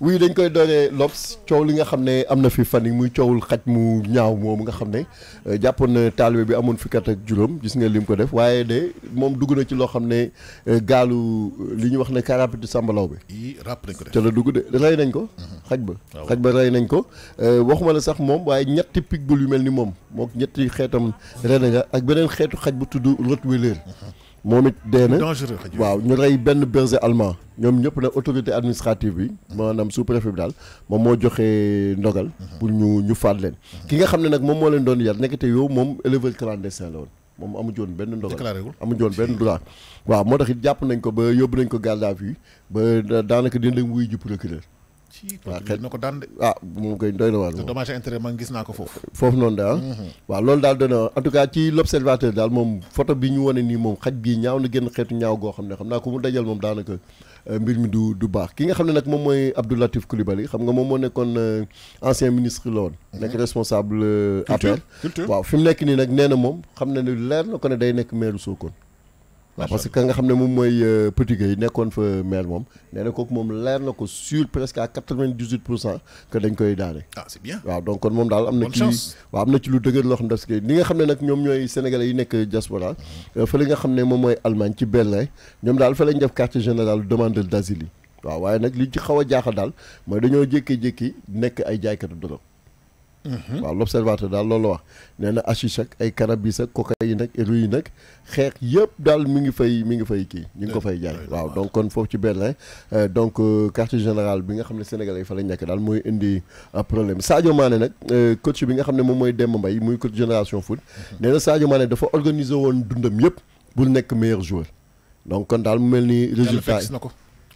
wii dañ koy dooree L'Obs coow li nga xam ne am na fi fan yi muy coowul xaj mu ñaaw moomu nga xam ne euh, jàppoon na taalibe bi amoon fukki at ak juróom gis nga lim ko def waaye de moom dugg na ci loo xam ne euh, gaalu euh, li ñuy wax ne car rapide sàmbalaw bi. yii ràpp ko def ca la dugg de rey nañ ko. Mhm. xaj ba xaj ba rey nañ ko. waxuma la sax moom waaye ñetti pitbull yu mel ni moom mook ñetti xeetam ren nga ak beneen xeetu xaj bu tudd rottweiler mhm. moom it dee na waaw ñu rey benn berger allemand ñoom ñëpp na autorité administrative bi maanaam sous préfet bi daal moom moo joxee ndogal bu ñu ñu faat leen ki nga xam ne nag moom moo leen doon yar nekkete yow moom éleveur clandestin la woon moom amu joon benn ndogal amu joon benn droit waaw moo tax it jàpp nañ ko ba yóbbu nañ ko garde à vue ba daanaka dinañ wuy ji procureur waaw xel na ko daan de. ah moom koy doy na waar. moom dommage gis naa ko foofu. foofu noonu daal. Mhm. waaw loolu daal doy na waar en tout cas ci l' daal moom photo bi ñu wane nii moom xaj bii ñaaw na génn xeetu ñaaw goo xam ne xam naa ko mu dajal moom daanaka euh, mbir mi du du baax ki nga xam ne nag moom mooy Abdou Latif Coulibaly xam nga moom moo nekkoon euh, ancien ministre la woon. Mhm. nekk responsable. Euh, culture waaw fi mu nekk nii nag nee na moom xam na ne leer na ko ne day nekk maire Sokone. waaw parce que nga xam ne moom mooy euh, Petit Gueye nekkoon fa maire moom nee na kooku moom leer na ko sur presque à quatre-vingt-dix-huit pour cent que dañ koy daane. Ah, waaw donc kon moom daal am na. ci waaw am na ci lu dëgër loo xam ne que li nga xam ne nag ñoom ñooy sénégalais yi nekk diaspora euh, fële nga xam ne moom mooy Allemagne ci Berlin ñoom daal fa lañ def quartier général demande d'asile yi waaw waaye nag li ci xaw a jaaxal daal mooy dañoo jékki-jékki nekk ay jaaykatu drogue. Mhm. waaw l'observateur daal loolu wax nee na hashish ak ay cannabis ak cocaïne ak yi ak xeex yëpp daal mi ngi fay mi ngi fay kii ñu ngi ko fay jaay waaw donc kon foofu ci Berlin euh, donc euh, quartier général bi nga xam ne sénégalais yi fa la nekk daal mooy indi euh, problème Sadio Mané nag coach bi nga xam ne moom mooy Demba mbay muy coach génération foot mhm. nee na Sadio dafa organiser woon dundam yëpp bul nekk meilleur jour donc kon daal mu mel ni résultat yi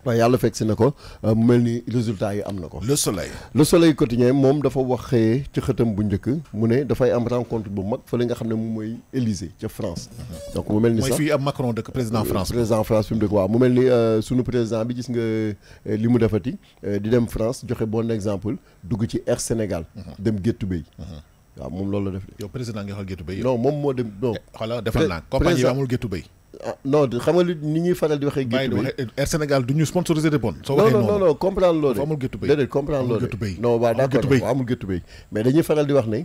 waaye yàlla fekk si na ko euh, mu mel ni résultat yi am na ko. le soleil le soleil quotidien moom dafa wax xëyee ci xëtam bu njëkk mu ne dafay am rencontre bu mag fële nga xam ne moom mooy Élysée ca France. donc mu mel ni sax mooy fii am Macron dëkk président France. président France fi mu dëkk waaw mu mel ni euh, sunu président bi gis nga euh, li mu defati di dem France joxe bon exemple dugg ci Air Sénégal. Mhm. dem Géttu Bay. Mhm. waaw moom loolu la def de. yow président nga xam Géttu Bay. non moom moo dem non. Eh, xoolal defal naa compagnie bi amul Ah, non xam nga ni ñuy faral di waxee. géttu bay Air Sénégal du ñu sponsorisé de bon. soo waxee noonu non non non comprendre loolu. amul géttu bay déedéet comprendre amul géttu bay dañuy faral di wax nañ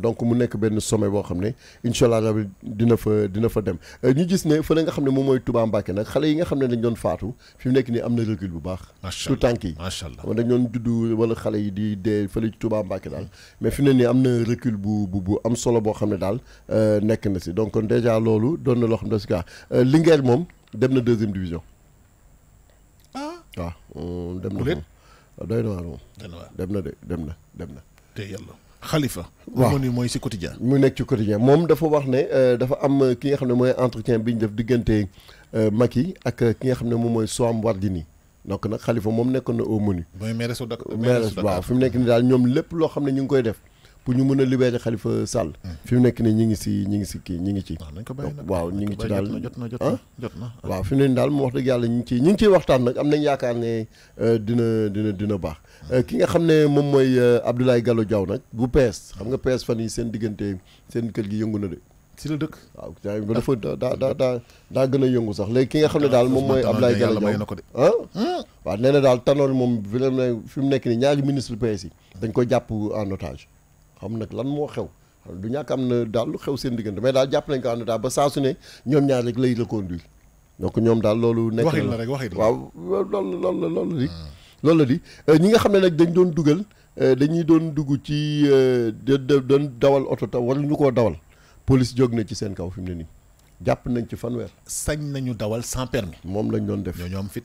donc mu nekk benn sommet boo xam ne incha allah rabi dina fa dina fa dem euh, ñu gis ne fële nga xam ne moom mooy tubaa Mbacké nag xale yi nga xam ne dañ doon faatu fi mu nekk nii am na recul bu baax tout tànk yi macha allah dañ doon judd wala xale yi di dee fële ci Touba mais fi mu nii am na recul bu bu am solo boo xam ne daal euh, nekk na si donc kon dèjà loolu doon na loo xam ne si kaa euh, Linguère moom dem na deuxième division ah waaw dem na dem na de dem na dem na te yàlla xalifa waaw mu mooy si quotidien mu nekk ci quotidien moom dafa wax ne euh, dafa am euh, ki nga xam ne mooy entretien bi ñu def diggante euh, mag yi ak ki nga xam ne moom mooy Soham Wardini donc nag xalifa moom nekkoon na au menu. mooy maire su Dakar waaw fi mu nekk nii daal ñoom lépp loo xam ne ñu ngi koy def. pour ñu mën a libérer Khalifa Sall. Mm. fi mu nekk nii ñu ngi si ñu ngi si kii ñu ngi ci. waaw ñu ngi ci daal jot na jot ah? na jot na waaw fi mu ne nii daal mu wax dëgg yàlla ñu ngi ciy ñu ngi ciy waxtaan nag am nañ yaakaar ne euh, dina dina dina baax. Mm. Euh, ki nga xam ne moom mooy euh, Abdoulaye Gallo Diaw nag bu PS xam nga yi seen diggante seen kër gi yëngu na si la dëkk waaw dafa daa daa daa daa gën a yëngu sax léegi ki nga xam ne daal moom mooy ah, Abdoulaye Gallo Diaw ah hmm? waaw nee na daal Tanor moom fi mu nekk nii ñaari ministre PS yi hmm. dañ ko jàpp en otage xam nag lan moo xew du ñàkk am na daal lu xew seen diggante mais daal jàpp nañ ko am na daal ba saa su ne ñoom ñaar rek lay reconduire donc ñoom daal loolu. nekk waxit la rek waxit la waaw loolu lool la loolu di. la di euh, ñi nga xam ne nag dañ doon dugal euh, dañuy doon dugg ci euh, doon dawal oto taw wala ñu koo dawal police jóg na ci seen kaw fi mu ne nii. jàpp nañ ci fanweer. sañ nañu dawal sans permis. moom lañ doon def ñoo am fit.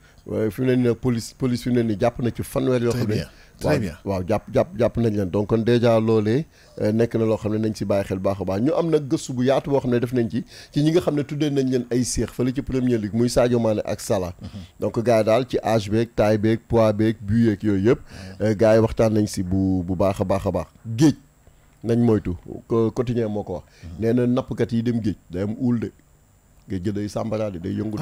fi mu ne nii police police fi mu ne nii jàpp na ci fanweer. yoo xam ne très bien waaw jàpp jàpp nañ leen donc kon déjà loolee eh, nekk na loo xam ne nañ si bàyyi xel baax a baax ñu am nag gëstu bu yaatu boo xam ne def nañ ci ci ñi nga xam ne tuddee nañ leen ay seex fële ci première ligue muy Sadio ak Salah. Mhm. donc gars daal ci âge beeg taay beeg pois beeg but yeeg yooyu yëpp. Eh, gars yi waxtaan nañ si bu bu baax a baax a baax géej. nañ moytu quotidien moo ko wax mhm. na nappkat yi dem géej day am géej gi day sàmbaraale day yëngu.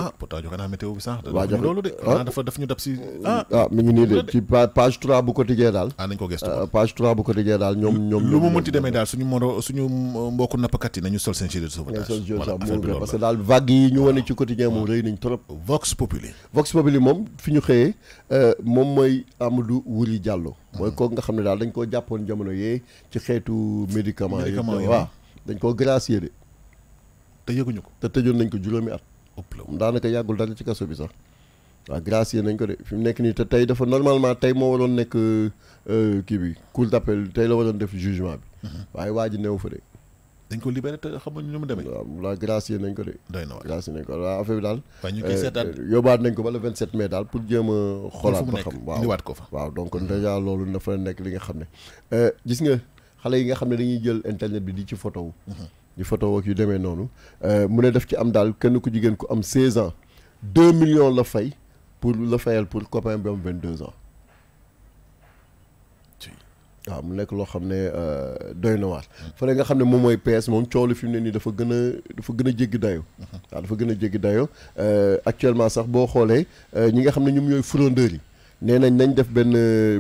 de ah, dafa daf ñu dab si. ah, ah. ah ngi nii de ci page 3 bu quotidien daal. ko gëstu euh, page 3 bu quotidien daal ñoom ñoom. lu mu mënti demee daal suñu moro suñu euh, mbokku nappkat nañu sol seen gilet de parce que daal vague yi ñu wane ci quotidien moom rëy nañ trop. Vox Populi. Vox Populi moom fi ñu xëyee euh, moom mooy Amadou Wuri Diallo. mooy kooku nga xam ne daal dañ koo jàppoon jamono yee ci xeetu médicament yi waaw dañ koo gracier de te yëguñu ko. te tëjoon nañ ko juróomi at. daanaka yàggul dara ci kaso bi sax. waaw gracier nañ ko de fi mu nekk nii te tey dafa normalement tey moo waroon nekk euh, kii bi cour appel tey la waroon def jugement bi. Mhm. waaye waa ji neew fa de. dañ ko libéré te xamuñu nu mu demee. waaw la gracier nañ ko de. doy na waay gracier nañ ko waaw affaire bi daal. waaw ñu ngi euh, seetaan yóbbaat nañ ko ba le 27 mai daal pour jéem a. xoolaat ba xam waaw indiwaat ko fa. waaw donc dèjà loolu dafa nekk li nga xam ne. Euh, gis nga xale yi nga xam ne dañuy jël internet bi di ci photo wu. Mhm. di photo ak yu demee noonu euh, mu ne daf ci am daal kenn ku jigéen ku am 16 ans 2 millions la fay pour le fayal pour copain bi 22 ans. Ah, mu nekk loo xam ne euh, doy na waar fële nga xam ne moom PS moom coow li fi mu ne nii dafa gën a dafa gën a jéggi dayoo. waaw dafa gën a jéggi dayoo euh, actuellement sax boo xoolee ñi nga xam ne ñoom ñooy frondeurs yi nee nañ nañ def ben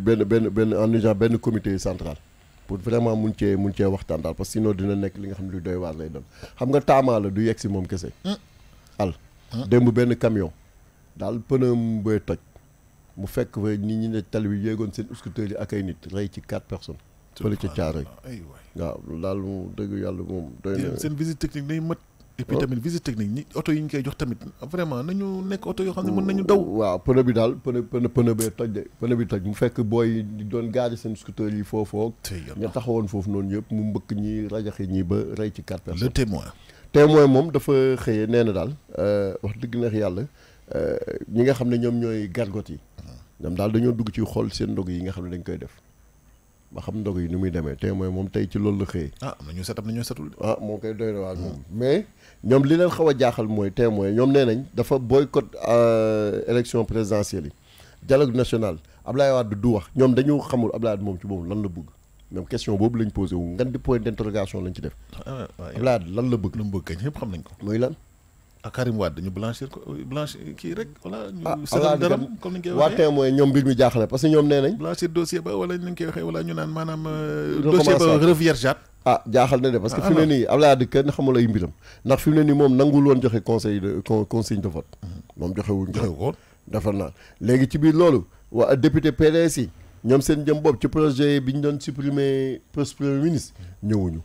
benn benn benn en urgence benn comité central. pour vraiment mun cee mun cee waxtaan daal parce que sinon dina nekk li nga xam ne lu doy waar lay doon xam nga taamaa la du yegg moom kese. Hmm. al hmm. démb benn camion daal pënam bay toj. mu fekk fa nit ñi ne tali yéegoon seen scooter yi ak ay nit rey ci quatre personnes. fële ca caaro waaw daal mu dëgg yàlla moom. doy na seen visite technique day mët. et puis tamit ñi oto yi ñu koy jox tamit vraiment nañu nekk oto yoo xam ne mën nañu daw. waaw pneu bi daal pneu pneu pneu bee toj de pneu bi mu fekk booy yi doon gaari seen scooter yi foofoo. ña taxawoon foofu noonu yëpp mu mbëkk ñi rajaxe ñi ba rey ci quatre personnes. le témoin. témoin moom dafa xëyee nee na daal euh, wax dëgg neex yàlla euh, ñi nga xam ne ñoom ñooy gargote yi. Hmm. ñoom daal dañoo dugg ci xool seen ndog yi nga xam ne dañ koy def. ba xam ndog yi ni muy demee témoin moom tey ci loolu la xëyee. Ah, am na set am na ñoo setul. Ah, moo koy doy na waat moom mais ñoom li leen xaw a jaaxal mooy témoin ñoom nee nañ dafa boycott euh, élection présidentielle yi dialogue national Ablaye Wade du wax ñoom dañu xamul Ablaye Wade moom ci boobu lan la bëgg même question boobu lañ posé wu ngan di point d'interrogation lañ ci def ah, ah, ah, Ablaye Wade lan la bëgg lan bëgg kañ ñëpp xam nañ ko mooy lan ak Karim Wade ñu blanchir kii rek wala ñu sëgal dara comme ni ñu ñoom mbir mi jaaxle parce ñoom nee nañ blanchir dossier ba wala ñu naan maanaam euh, dossier ba reviergeat ah jaaxal na de parce que fi mu ne nii Abdoulaye Wade kenn xamul ay mbiram ndax fi mu ne nii moom nangul woon joxe conseil de consigne de vote moom joxewuñ ko defar naa léegi ci biir loolu waa député PDS yi ñoom seen jëm bopp ci projet bi ñu doon supprimer poste premier ministre ñëwuñu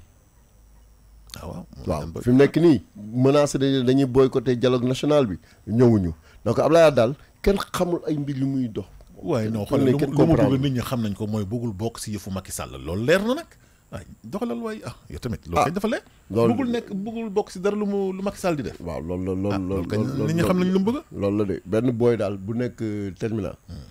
waaw waaw fi mu nekk nii menacé dañuy dañuy boycotté dialogue national bi ñëwuñu donc Abdoulaye Wade daal kenn xamul ay mbir yu muy dox waaye non xoolal lu mu dugal nit ñi xam nañ ko mooy bëggul bokk si yëfu Macky Sall loolu leer na nag ah doxalal waay ah yow tamit. ah loolu kañ dafa lekk. bugul bëggul nekk bëggul bokk si dara lu mu lu Macky Sall di def. waaw loolu loolu loolu ah, loolu kañ nit ñi xam nañ lu mu bëgg. loolu la de benn booy daal bu nekk euh, terminal. Hmm.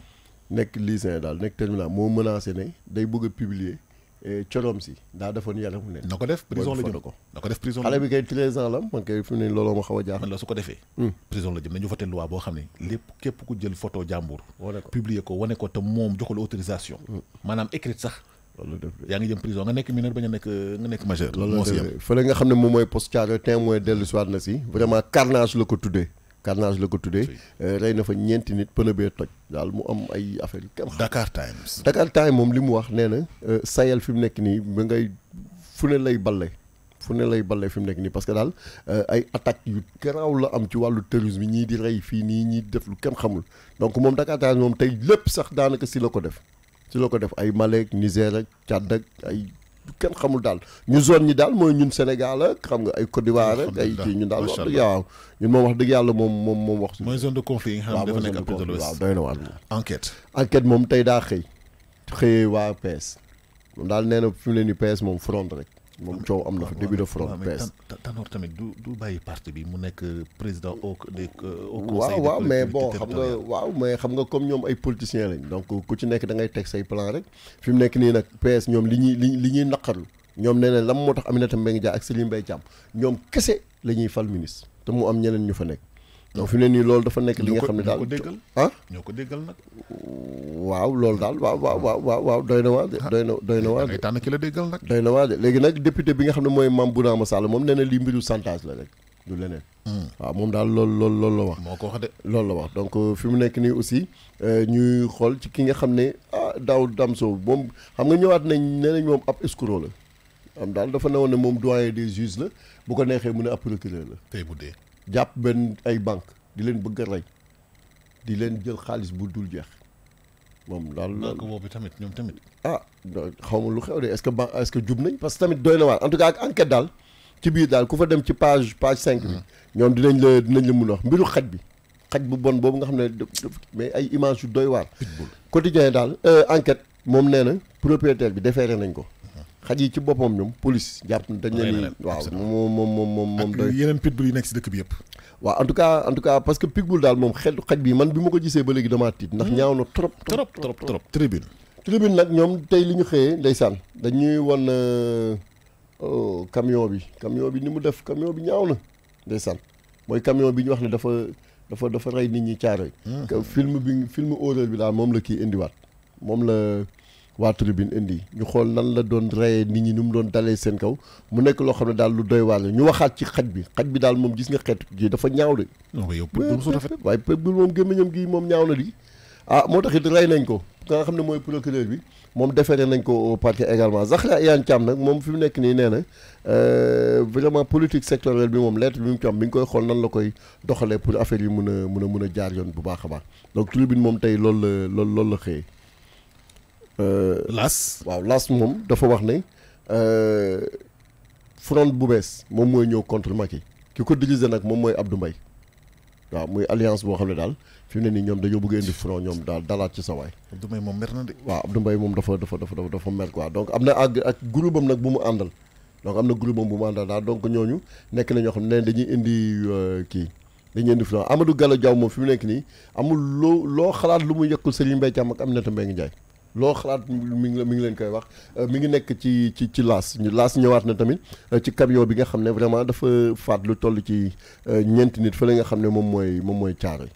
nekk lycéen daal nekk terminal moo menacé ne day bëgg a publier. Euh, coroom si daa defoon yaramu ne. na ko def prison la jëm ko na ko def prison la xale bi kay 13 ans la man kay fi mu ne looloo ma xaw a jaaxal. man la su ko defee. Hmm. prison la jëm nañu voté loi boo xam ne lépp képp ku jël photo jàmbur. publier ko wane ko te moom joxul autorisation. Hmm. maanaam écrite sax yaa ngi jëm prison nga nekk mineur ba a nekk nga nekk majeur. loolu moo si yem fële nga xam ne moom mooy post Thiaroye témoin dellu si na si vraiment carnage la ko tuddee. carnage la ko tuddee. Euh, rey na fa ñeenti nit pneu bee toj. daal mu am ay affaire yu Dakar Times. Dakar Times moom li mu wax nee na. Euh, sayel fi mu nekk nii ba ngay fu ne lay balle. fu ne lay balle fi mu nekk nii parce que daal euh, ay attaque yu garaaw la am ci wàllu terrorisme ñii di rey fii nii ñii def lu kenn xamul donc moom Dakar Times moom tey lépp sax daanaka si la ko def. ci la ko def ay Malek Niger ak Tchad ak ay kenn xamul daal ñu zone ñi daal mooy ñun Sénégal ak xam nga ay Côte d'Ivoire ak ay kii ñun daal wax dëgg yàlla ñun moom wax dëgg yàlla moom moom moom wax. mooy zone de conflit yi nga xam ne dafa nekk Afrique de l'Ouest waaw doy na waar enquête enquête moom tey daa xëy xëyee waa PS moom daal nee na fi mu ne nii PS moom front rek. moom coow am na fa début de front PS Tanor tamit du du bàyyi parti bi mu nekk président au des au conseil waaw mais bon xam nga waaw mais xam nga comme ñoom ay politiciens lañ donc ku ci nekk da ngay teg say plan rek fi mu nekk nii nag PS ñoom li ñuy li li ñuy naqarlu ñoom nee na lan moo tax Aminata ngi Dia ak Serigne Mbaye Thiam ñoom kese la ñuy fal ministre te mu am ñeneen ñu fa nekk donc fi ne nii loolu dafa nekk li nga xam ne daal ko déggal ah ñoo ko déggal nag waaw loolu daal waaw waaw waaw waaw doy na waa de ah, doy na waa de tànn ki la déggal nag léegi nag député bi nga xam ne mooy Mame Bounama Sall moom nee na lii mbiru la rek du leneen hmm. waaw moom daal loolu loolu loolu la wax moo ko wax de loolu la wax donc euh, fi mu nekk nii aussi euh, ñuy xool ci ki nga xam ne ah daaw damso moom xam nga ñëwaat nañ nee moom ab escroc la am daal dafa newoon ne moom doyen des juges la bu ko neexee mu ne ab procureur la tey bu dee jàpp benn ay banque di leen bëgg a rey di leen jël xaalis bu dul jeex moom daal. banque boobu tamit ñoom tamit. ah xaw ma lu xew de est-ce que jub nañ parce que tamit doy na waar en tout cas ak enquête daal ci biir daal ku fa dem ci page page cinq bi. Mhm. ñoom dinañ la dinañ la mun a wax mbiru xaj bi. xaj bu bon boobu nga xam ne mais ay image yu doy waar. quotidien daal euh, enquête moom nee na propriétaire bi déféré nañ ko. xaj yi ci boppam ñoom police jàpp na dañ leen waaw moom moom moom moom moom ak yeneen pitbull yi nekk si dëkk bi yëpp waaw en tout cas en tout cas parce que pitbull daal moom xel xaj bi man bi ma ko gisee ba léegi damaa tiit ndax hmm. ñaaw na trop trop trop trop tribune tribune nag ñoom tey li ñu xëyee ndeysaan dañuy wan euh, oh, camion bi camion bi ni mu def camion bi ñaaw na ndeysaan mooy camion bi ñu wax ne dafa dafa dafa rey nit ñi caaro yi hmm. film bi film horreur bi daal moom la kii indiwaat moom la waa tribune indi ñu xool nan la doon reyee nit ñi ni mu doon dalee seen kaw mu nekk loo xam ne daal lu doy waar la ñu waxaat ci xaj bi xaj bi daal moom gis nga xeet gi dafa ñaaw de. non mais yow waaye pël moom gémmiñam gi moom ñaaw na di ah moo tax it rey nañ ko ka nga xam ne mooy procureur bi moom déféré nañ ko au parquet également Zahra Iyane Thiam nag moom fi mu nekk nii nee na euh, vraiment politique sectorielle bi moom lettre bi mu ci am mi ngi koy xool nan la koy doxalee pour affaire yi mun a mun mun a jaar yoon bu baax a baax donc moom tey loolu la loolu la xëyee Euh, las waaw las moom dafa wax ne euh, front bu bees moom mooy ñëw contre Macky ki ko dirigé nag moom mooy Abdou mbay waaw muy alliance boo xam ne daal fi mu ne nii ñoom dañoo bëgg indi front ñoom daal dalaat ci sa waay. Abdou Mbaye moom mer na de. waaw Abdou Mbaye moom dafa dafa dafa dafa mer quoi donc am na ak groupe am nag bu mu àndal donc am na groupe am bu mu àndal daal donc ñooñu nekk na ñoo xam ne dañuy indi euh, kii dañuy indi front Amadou Gallo Diaw moom fi mu nekk nii amul loo loo xalaat lu mu yëkkul Serigne Mbaye Thiam ak Aminata Mbengue Ndiaye. loo xalaat mi ngi mi ngi leen koy wax euh, mi ngi nekk ci ci ci laas laas ñëwaat na tamit euh, ci camion bi nga xam ne vraiment dafa faat lu toll ci euh, ñeenti nit fële nga xam ne moom mooy moom mooy caare.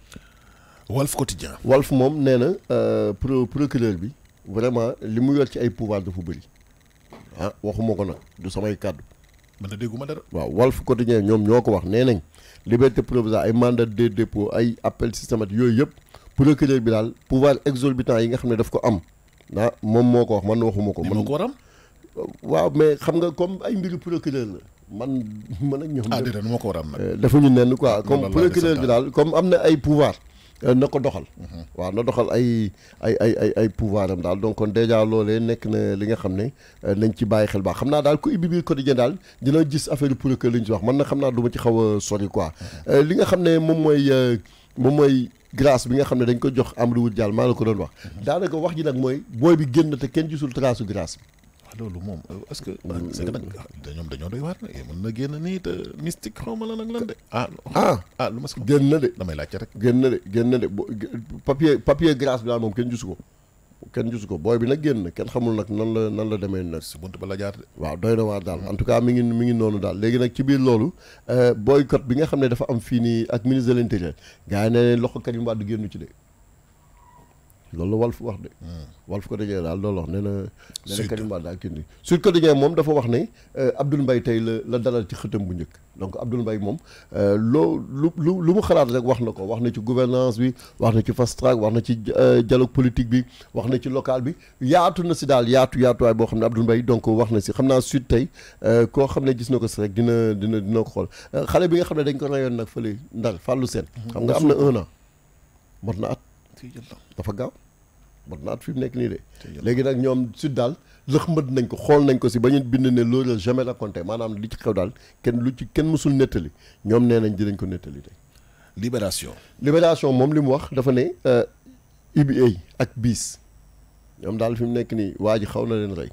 Walf Quotidien. Walf moom nee na pro procureur bi vraiment li mu yor ci ay pouvoir dafa bëri ah waxuma ko nag du samay kàddu. man de dégguma dara. waaw Walf Quotidien ñoom ñoo ko wax nee nañ liberté provisoire ay mandat de dépôt ay appel systématique yooyu yëpp procureur bi daal pouvoir exorbitant yi nga xam ne daf ko am. ah moom moo ko wax man waxuma ko. man ko waram. waaw mais xam nga comme ay mbiru procureur la. man man ak ñoom. ah déedéet nu ma ko war a am nag. Eh, dafa ñu nenn quoi ah, comme procureur bi daal comme am na ay pouvoir eh, na ko doxal. Mhm. waaw na doxal ay ay ay ay ay pouvoir am daal don kon dèjà loolee nekk na li nga xam ne eh, nañ ci bàyyi xel baax xam naa daal ku bi biir quotidien daal dina gis affaire procureur li ñu ci wax man na xam naa du ma ci xaw a sori quoi. Mhm. li nga xam ne moom mooy. moom mooy grâce bi nga xam ne dañ ko jox Amadou Wade jaal maa la ko doon wax mhm. daanaka wax ji nag mooy booy bi génn te kenn gisul trace su grâce bi. waaw loolu moom euh, est-ce que. est-ce que euh, ah, ñoom dañoo doy waar nag eh, mën na génn nii te mystique xaw ma la nag lan de. Ah ah, ah ah lu ma si. génn na de damay laajte rek. génn na de génn na de papier papier grâce bi daal moom kenn gisu ko. kenn gisu ko booy bi nag génn kenn xamul nag nan la nan la demee nag. si buntu ba la jaar waaw doy na waar daal en tout cas mi ngi mi ngi noonu daal léegi nag ci biir loolu euh, boycott bi nga xam ne dafa am fii nii ak ministre de gaa gars yi ne loxo Karim Wade génn ci de. loolu la Walf wax de. Hmm. Walf Quotidien daal loolu wax nee na. nee na Karim Wade daal kii nii Sud Quotidien moom dafa wax ne euh, Abdoul mbay tey la la dalal ci xëtam bu njëkk donc Abdoul mbay moom euh, loo lu lu lu mu xalaat rek wax na ko wax na ci gouvernance bi wax na ci fast track wax na ci euh, dialogue politique bi wax na ci local bi yaatu na si daal yaatu yaatuwaay boo xam ne Abdoul mbay donc wax na si xam naa Sud tey koo xam ne gis na ko si rek dina dina dina ko xool xale bi nga xam ne dañ ko rayoon nag fële Ndar Fallou Sène. Hmm. xam nga am na un an na at. dafa gaaw. mat naat fi mu nekk nii de léegi nag ñoom sud daal lëxmët nañ ko xool nañ ko si ba ñu bind ne loolu jamais raconté maanaam li ci xew daal kenn lu ci kenn mësul nettali ñoom nee nañ dinañ ko nettali tey libération libération moom li mu wax dafa ne UBA euh, ak BIS ñoom daal fi mu nekk nii waa ji xaw na leen rey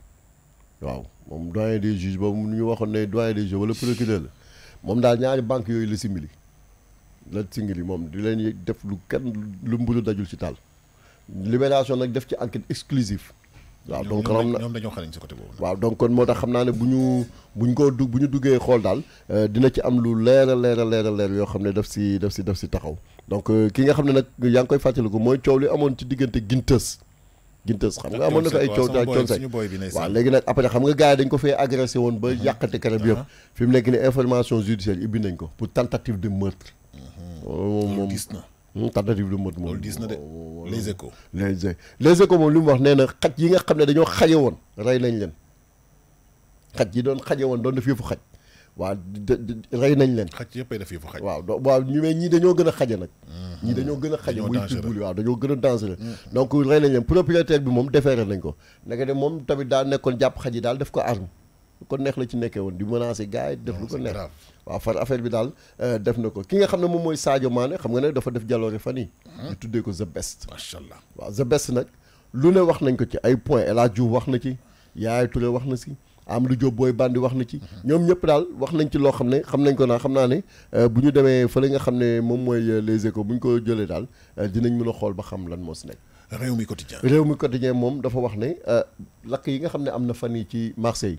waaw moom doyen des juges boobu mu ñu waxoon ne doyen des juges wala procureur la moom daal ñaari banque yooyu la simili la simili moom di leen def lu kenn lu mburu dajul ci taal libération nag def ci enquête exclusive waaw donc xam na ñoom dañoo xarañ ci côté boobu. waaw donc kon moo tax xam naa ne bu ñu bu ñu ko du ñu duggee xool daal euh, dina ci am lu leer a leer a leer yoo xam ne daf si daf si def si taxaw donc euh, ki nga xam ne nag yaa ngi koy fàttaliku mooy coow li amoon ci diggante Ginteus. Ginteus xam nga amoon na fa ay coow ak coonsay waaw léegi nag après xam nga gars yi dañ ko fee agressé woon ba mhm. yàqate kanam bi yëpp fi mu nekk ni information judiciaire ibbi nañ ko pour tentative de meurtre. Mhm. Oh, moom moom gis Hmm, tentative de mode moom loolu diis na de oh, oh, oh. les échos les les moom li mu wax nee na xaj yi nga xam ne dañoo xaje woon rey nañ leen xaj yi doon xaje woon doon def yëfu xaj waaw rey nañ leen xaj yëppay def xaj waaw waaw ñu mais ñii dañoo gën a xaje nag hmm, ñii dañoo gën a xaje muy pitbull waaw dañoo gën a dangereux hmm. donc rey nañ leen propriétaire bi moom déféré nañ ko naka de moom tamit daa nekkoon jàpp xaj yi daal def ko arme kon neex la ci nekkee woon di menacer gars yi def lu ko neex waaw far affaire bi daal def na ko ki nga xam ne moom mooy Sadio Mané xam nga ne dafa def jaloore fan yi ñu tuddee ko the best macha allah waaw the best nag lu ne wax nañ ko ci ay point El Hadj wax na ci Yaya Touré wax na si Amadou Diop Boy Bandi wax na ci ñom ñëpp dal wax nañ ci lo xamne xam nañ ko na xam na ne buñu démé fa la nga xamne mom moy les échos buñ ko jëlé dal dinañ mëna xol ba xam lan moo si nekk réew mi quotidien réew mi quotidien mom dafa wax ne lak yi nga xamne amna fani ci Marseille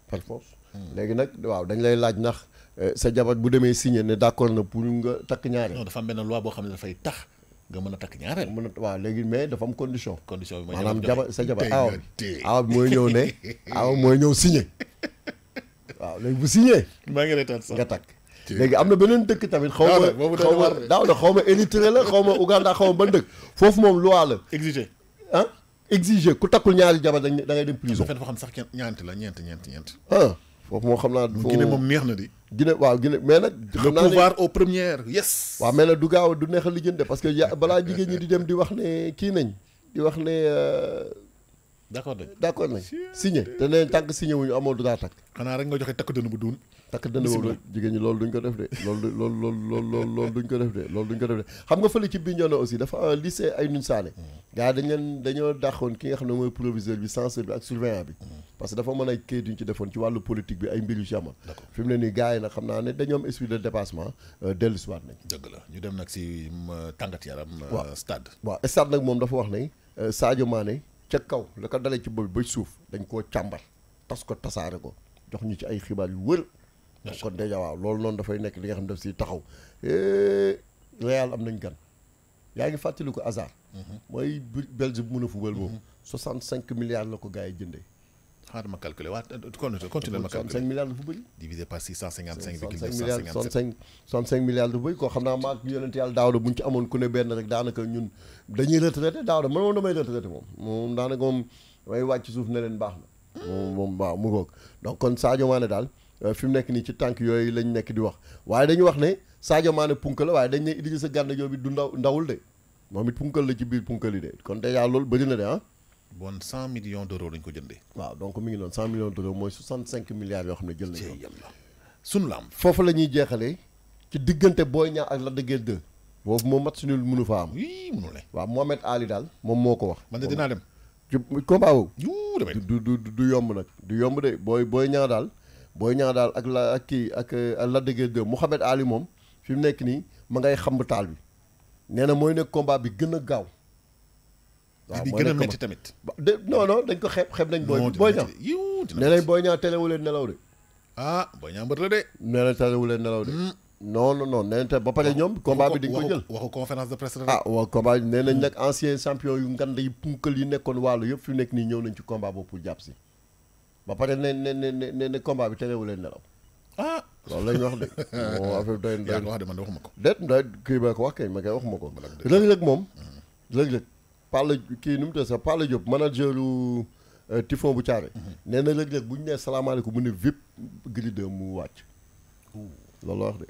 par force. léegi nag waaw dañ lay laaj ndax euh, sa jabar bu demee signé ne d'accord na pour nga takk ñaareel. non dafa am benn loi boo xam ne dafay tax nga mën a takk ñaareel. mën a waaw léegi mais dafa am condition. condition bi mooy sa jabar aw aw mooy ñëw ne aw mooy ñëw signé waaw léegi bu signé. maa ngi reetaan sax nga takk. léegi am na beneen dëkk tamit xaw ma daaw na xaw ma Érythrée la xaw ma Ouganda xaw ma ban dëkk foofu moom loi la. exigé exiger ku tu ñaari jabar da ngay dem prison. fo xam sax ñant la ah xam di. waaw mais le pouvoir aux premières yes. wa mais la parce que bala balaa di ne nañ di wax ne. Euh, takk dënd boobu jigéen loolu duñ ko def de loolu loolu loolu loolu loolu duñ ko def de loolu duñ ko def de xam nga fële ci Bignona aussi dafa un lycée Aïnoun Sané hmm. gars dañ dañoo dàqoon ki nga xam ne mooy proviseur bi censeur bi ak surveillant bi hmm. parce que dafa mën ay kayit yu ci defoon ci wàllu politique bi ay mbir yu ci amoon fi mu ne nii gars yi nag xam naa ne dañoo esprit de dépassement euh, dellu si nañ dëgg la ñu dem nag si euh, tàngat yaram euh, waaw stade waaw stade nag moom dafa wax ne Sadio Mané ca kaw la ko dalee ci bopp ba suuf dañ koo càmbar tas ko tasaare ko jox ñu ci ay xibaar yu wër kon waaw loolu noonu dafay nekk li nga xam daf si taxaw eh, Real am nañ gan yaa ngi fàttali ko mhm. mooy Belgique bu a fubal boobu mhm. soixante cinq milliards la ko gars yi jëndee xaaral ma calculer waa continue continue ma calculer 65 milliards dafa bëri divisé par 655 virgule 65 65 xam naa maa yonent yàlla daaw da bu ñu ci amoon ku ne benn rek daanaka ñun dañuy retraité daaw da man moom damay retraité moom moom daanaka moom damay wàcc suuf ne leen baax na hmm. moom moom waaw mu goog donc kon Sadio Mané daal Euh, fi mu nekk nii ci tànk yooyu lañ nekk di wax waaye dañu wax ne Sadio Mané punkal la waaye dañ ne Idrissa Gana Diop bi du ndaw ndawul de moom it punkal la ci biir punkal yi de kon déjà loolu bëri na de ah. bon cent millions d'euros ko jëndee. waaw donc mi ngi noonu cent millions d'euros mooy soixante cinq milliards yoo xam ne jël nañ ko. la am foofu la ñuy jeexalee ci diggante Boy Niang ak Lac de Guiers 2. boobu moom match nul mënu faa am. yii mënu ne. waaw Ali daal moom moo ko wax. man de dinaa dem. ci combat boobu. du du du yomb nag. du yomb de booy booy ñaa daal. booy ñaa daal ak la ak kii ak euh, Lac de Guiers 2 Mouhamed Ali moom fi mu nekk nii ma ngay xamb taal bi nee na mooy nekk combat bi gën a gaaw. a métti dañ ko na télé wu leen nelaw de. Ah, hmm. non dañ ko jël waxu conférence de presse ah waaw combat nee nañ hmm. nag ancien yu yi punkal yi nekkoon wàllu yëpp fi nekk nii ñëw nañ ci combat boobu pour jàpp si. ba pare ne ne ne ne combat bi terewul leen nelaw. ah loolu la ñu wax de. moo affaire doy na yaa wax de man waxuma ko. déet ndax kii ba ko wax kañ ma koy ko. rëg moom. Mm-hmm. rëg-rëg kii nu mu tëdd sax Palla Diop manager u euh, Typhon bu Thiaré. Mm-hmm. nee na rëg bu ñu nee salaamaaleykum mu ne vip Gris 2 mu wàcc. loolu la wax de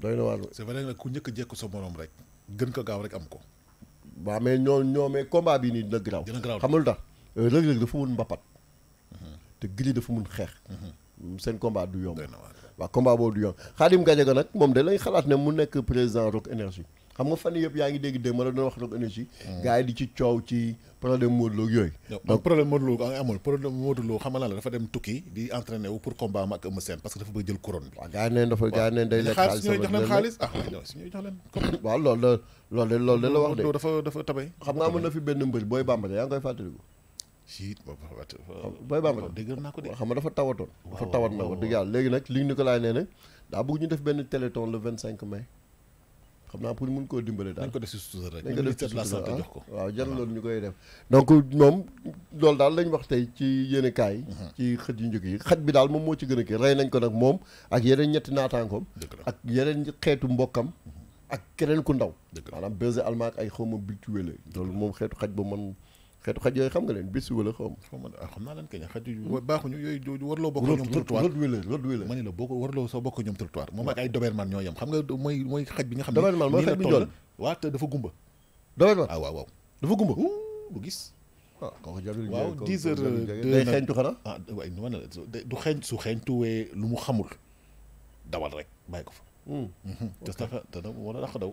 doy na ku njëkk a sa morom rek. gën ko gaaw rek am ko. waaw mais ñoo ñoo mais combat bi nii dina garaaw. dina garaaw xam nga lu tax rëg-rëg dafa mën mbapat. te Gris dafa mun xeex. Mhm. seen combat du yomb. wa combat bo du yomb Khadim Gadiaga nak mom da lay xalat ne mu nekk président Rock Énergie xam nga fan yëpp yaa ngi dégg dégg ma la doon wax Rock Énergie. Mhm. gars yi di ci coow ci problème Modou Lo yooyu. donc problème Modou Lo ah, amul problème Modou Lo xam nga la dafa dem tukki di entraîné wu pour combat am ak Eumeu parce que dafa bëgg jël couronne bi. waaw gars yi neen dafa gars yi neen day lekk xaalis sama dina lekk xaalis su ñuy jox leen xaalis ah waaw loolu la loolu de loolu de la wax de. dafa dafa tabay. xam nga amoon na fi benn mbër booy bambara yaa ngi koy fàttaliku siit boobu booy bambara dëgg naa ko de xam nga dafa tawatoon dafa tawat na wax dëgg yàlla léegi nag liñ ni ko laay nee na daa bëgg ñu def benn téléthon le vingt cinq mai xam naa pour mun koo dimbale daal nañ ko def si sutura rek nañ ko def si sutura ah. jox ko waaw jaral loolu ñu koy def donc moom loolu daal lañ wax tey ci yéen kaay mhm. ci xët yu njëkk yi xaj bi daal moom moo ci gën a kii rey nañ ko nag moom ak yeneen ñetti naataankoom ak yeneen xeetu mbokkam mhm. ak keneen ku ndaw maanaam bese almaak ay xawma bictuwéle loolu moom xeetu xaj ba man xeetu xaj yooyu xam nga leen bis wala xaw ma xam naa leen kañ xaj yu baaxuñu yooyu warloo bokk ñoom trottoir rod wila rod wila ma ne la boo ko warloo soo bokk ñoom trottoir moom ak ay doberman ñoo yem xam nga mooy mooy xaj bi nga xam ne doberman mooy xaj bi njool waa te dafa gumba doberman ah waaw waaw dafa gumba du gis waaw kooku jarul waaw dix heures day xeeñtu xanaa ah waay ma ne la du xeeñ su xeeñtuwee lu mu xamul dawal rek bàyyi ko fa te dafa te wala dafa daw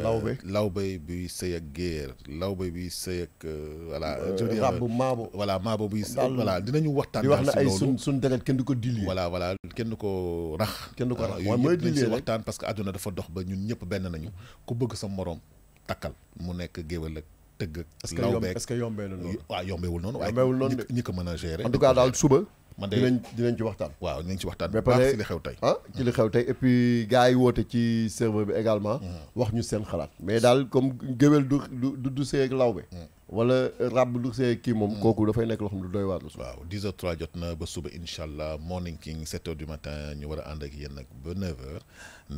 lawbe lawbe buy sëy ak géer lawbe buy sëy ak euh, voilà. Euh, rabbu maabo voilà maabo buy. voilà dinañu waxtaan. di wax na ay sun sun deret kenn du ko dilie. voilà voilà kenn ko rax. kenn du ko rax waaw mooy dilie waxtaan parce que àdduna dafa dox ba ñun ñëpp benn nañu ku bëgg sa moroom takkal mu nekk géwél ak tëgg ak. lawbe est-ce que yombee na loolu. waaw yombeewul noonu. yombeewul noonu waaye ñi ko mën a gérer. en tout daal suba. man de dinañ dinañ ci waxtaan. waaw dinañ ci waxtaan. ba pare ci li xew tey. ah ci li xew tey et puis yi woote ci serveur bi également. Mm-hmm. wax ñu seen xalaat mais daal comme géwél du du du see ak lawbe. Mm-hmm. wala rab du see kii moom. Mm-hmm. kooku dafay nekk loo xam ne doy waar la. waaw 10 h jot na ba suba incha allah morning king 7h du matin ñu war a ànd ak yéen nag ba 9h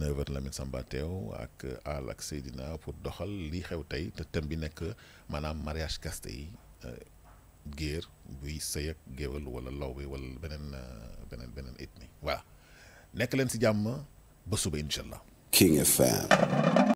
9h Lamine Samba ak Al ak Seydina pour doxal li xew tey te thème bi nekk maanaam mariage caste yi. Euh, géer buy sëy ak géwal wala lawbe wala beneen euh, beneen beneen ethnie voilà nekk leen si jàmm ba suba incha allah. King FM.